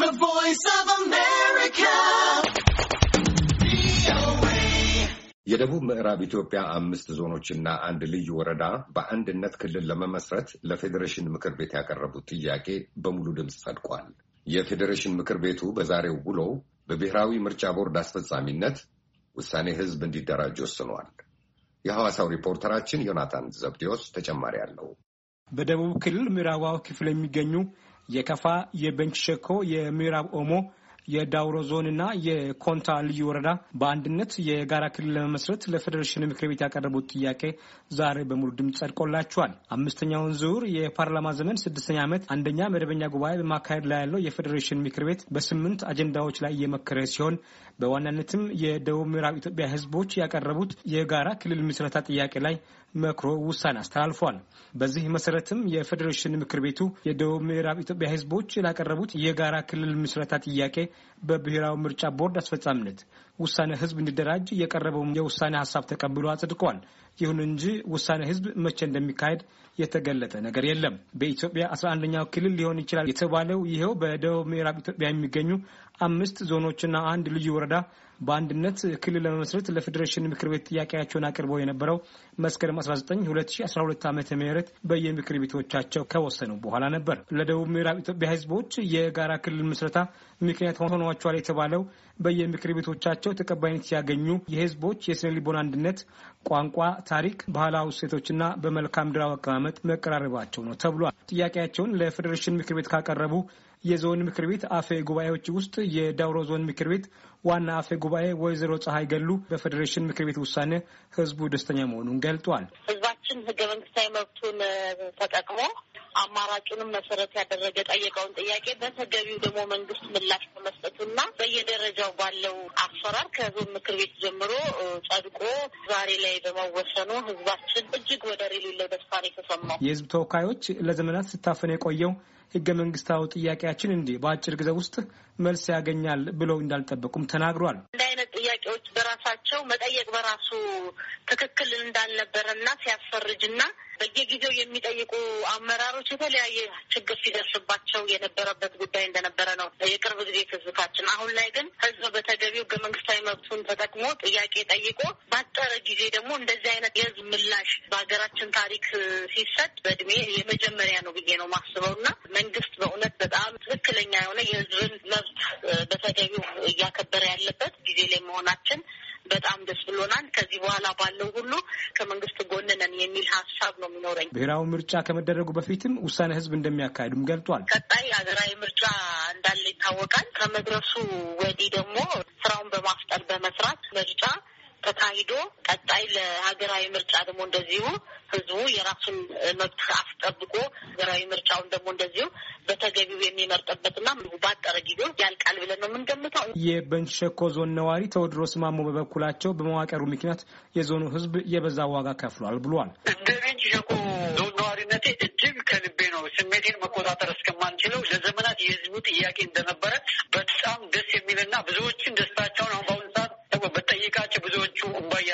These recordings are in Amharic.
The Voice of America. የደቡብ ምዕራብ ኢትዮጵያ አምስት ዞኖችና አንድ ልዩ ወረዳ በአንድነት ክልል ለመመስረት ለፌዴሬሽን ምክር ቤት ያቀረቡት ጥያቄ በሙሉ ድምፅ ጸድቋል። የፌዴሬሽን ምክር ቤቱ በዛሬው ውሎ በብሔራዊ ምርጫ ቦርድ አስፈጻሚነት ውሳኔ ሕዝብ እንዲደራጅ ወስኗል። የሐዋሳው ሪፖርተራችን ዮናታን ዘብዴዎስ ተጨማሪ አለው። በደቡብ ክልል ምዕራባዊ ክፍል የሚገኙ የከፋ፣ የቤንች ሸኮ፣ የምዕራብ ኦሞ የዳውሮ ዞንና የኮንታ ልዩ ወረዳ በአንድነት የጋራ ክልል ለመመስረት ለፌዴሬሽን ምክር ቤት ያቀረቡት ጥያቄ ዛሬ በሙሉ ድምፅ ጸድቆላቸዋል። አምስተኛውን ዙር የፓርላማ ዘመን ስድስተኛ ዓመት አንደኛ መደበኛ ጉባኤ በማካሄድ ላይ ያለው የፌዴሬሽን ምክር ቤት በስምንት አጀንዳዎች ላይ እየመከረ ሲሆን በዋናነትም የደቡብ ምዕራብ ኢትዮጵያ ሕዝቦች ያቀረቡት የጋራ ክልል ምስረታ ጥያቄ ላይ መክሮ ውሳኔ አስተላልፏል። በዚህ መሰረትም የፌዴሬሽን ምክር ቤቱ የደቡብ ምዕራብ ኢትዮጵያ ሕዝቦች ላቀረቡት የጋራ ክልል ምስረታ ጥያቄ በብሔራዊ ምርጫ ቦርድ አስፈጻሚነት ውሳኔ ህዝብ እንዲደራጅ የቀረበውን የውሳኔ ሀሳብ ተቀብሎ አጽድቋል። ይሁን እንጂ ውሳኔ ህዝብ መቼ እንደሚካሄድ የተገለጠ ነገር የለም። በኢትዮጵያ አስራ አንደኛው ክልል ሊሆን ይችላል የተባለው ይኸው በደቡብ ምዕራብ ኢትዮጵያ የሚገኙ አምስት ዞኖችና አንድ ልዩ ወረዳ በአንድነት ክልል ለመመስረት ለፌዴሬሽን ምክር ቤት ጥያቄያቸውን አቅርበው የነበረው መስከረም 19 2012 ዓ ም በየምክር ቤቶቻቸው ከወሰኑ በኋላ ነበር። ለደቡብ ምዕራብ ኢትዮጵያ ህዝቦች የጋራ ክልል ምስረታ ምክንያት ሆኗቸዋል የተባለው በየምክር ቤቶቻቸው በሀገራቸው ተቀባይነት ሲያገኙ የህዝቦች የስነ ልቦና አንድነት፣ ቋንቋ፣ ታሪክ፣ ባህላዊ እሴቶችና በመልካም ምድራዊ አቀማመጥ መቀራረባቸው ነው ተብሏል። ጥያቄያቸውን ለፌዴሬሽን ምክር ቤት ካቀረቡ የዞን ምክር ቤት አፈ ጉባኤዎች ውስጥ የዳውሮ ዞን ምክር ቤት ዋና አፈ ጉባኤ ወይዘሮ ፀሐይ ገሉ በፌዴሬሽን ምክር ቤት ውሳኔ ህዝቡ ደስተኛ መሆኑን ገልጧል። ህዝባችን ህገ መንግስታዊ መብቱን ተጠቅሞ አማራጩንም መሰረት ያደረገ ጠየቀውን ጥያቄ በተገቢው ደግሞ መንግስት ምላሽ በመስጠቱና በደረጃው ባለው አሰራር ከዞን ምክር ቤት ጀምሮ ጸድቆ ዛሬ ላይ በመወሰኑ ህዝባችን እጅግ ወደር የሌለው ነው የተሰማው የህዝብ ተወካዮች ለዘመናት ስታፈን የቆየው ህገ መንግስታዊ ጥያቄያችን እንዲህ በአጭር ጊዜ ውስጥ መልስ ያገኛል ብለው እንዳልጠበቁም ተናግሯል። ጥያቄዎች በራሳቸው መጠየቅ በራሱ ትክክል እንዳልነበረና ሲያስፈርጅና በየጊዜው የሚጠይቁ አመራሮች የተለያየ ችግር ሲደርስባቸው የነበረበት ጉዳይ እንደነበረ ነው የቅርብ ጊዜ ትዝታችን። አሁን ላይ ግን ህዝብ በተገቢው ህገ መንግስታዊ መብቱን ተጠቅሞ ጥያቄ ጠይቆ ባጠረ ጊዜ ደግሞ እንደዚህ አይነት የህዝብ ምላሽ በሀገራችን ታሪክ ሲሰጥ በእድሜ የመጀመሪያ ነው ብዬ ነው ማስበው እና መንግስት በእውነት በጣም ትክክለኛ የሆነ የህዝብን መብት በተገቢው እያከበረ ያለበት ጊዜ ላይ መሆናችን በጣም ደስ ብሎናል። ከዚህ በኋላ ባለው ሁሉ ከመንግስት ጎን ነን የሚል ሀሳብ ነው የሚኖረኝ። ብሔራዊ ምርጫ ከመደረጉ በፊትም ውሳኔ ህዝብ እንደሚያካሄዱም ገልጧል። ቀጣይ ሀገራዊ ምርጫ እንዳለ ይታወቃል። ከመድረሱ ወዲህ ደግሞ ስራውን በማፍጠር በመስራት ምርጫ ተካሂዶ ቀጣይ ለሀገራዊ ምርጫ ደግሞ እንደዚሁ ህዝቡ የራሱን መብት አስጠብቆ ሀገራዊ ምርጫውን ደግሞ እንደዚሁ በተገቢው የሚመርጥበትና ባጠረ ጊዜ ያልቃል ብለን ነው የምንገምተው። የቤንች ሸኮ ዞን ነዋሪ ቴዎድሮስ ማሞ በበኩላቸው በመዋቀሩ ምክንያት የዞኑ ህዝብ የበዛ ዋጋ ከፍሏል ብሏል። እንደ ቤንች ሸኮ ዞን ነዋሪነቴ እጅግ ከልቤ ነው ስሜቴን መቆጣጠር እስከማንችለው ለዘመናት የህዝቡ ጥያቄ እንደነበረ በጣም ደስ የሚልና ብዙዎችን ደስታቸውን አሁን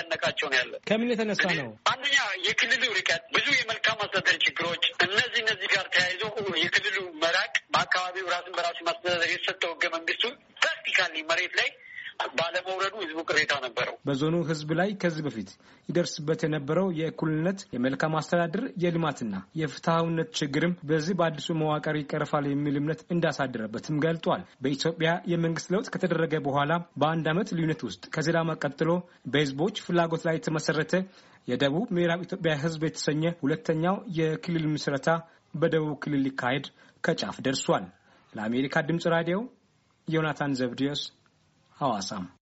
እያነቃቸው ነው ያለ። ከምን የተነሳ ነው? አንደኛ የክልሉ ርቀት፣ ብዙ የመልካም አስተዳደር ችግሮች፣ እነዚህ እነዚህ ጋር ተያይዞ የክልሉ መራቅ፣ በአካባቢው ራስን በራሱ ማስተዳደር የተሰጠው ህገ መንግስቱን ፕራክቲካሊ መሬት ላይ ባለመውረዱ ህዝቡ ቅሬታ ነበረው። በዞኑ ህዝብ ላይ ከዚህ በፊት ይደርስበት የነበረው የእኩልነት፣ የመልካም አስተዳደር፣ የልማትና የፍትሐዊነት ችግርም በዚህ በአዲሱ መዋቅር ይቀርፋል የሚል እምነት እንዳሳደረበትም ገልጧል። በኢትዮጵያ የመንግስት ለውጥ ከተደረገ በኋላ በአንድ ዓመት ልዩነት ውስጥ ከሲዳማ ቀጥሎ በህዝቦች ፍላጎት ላይ የተመሰረተ የደቡብ ምዕራብ ኢትዮጵያ ህዝብ የተሰኘ ሁለተኛው የክልል ምስረታ በደቡብ ክልል ሊካሄድ ከጫፍ ደርሷል። ለአሜሪካ ድምፅ ራዲዮ ዮናታን ዘብዲዮስ Awesome.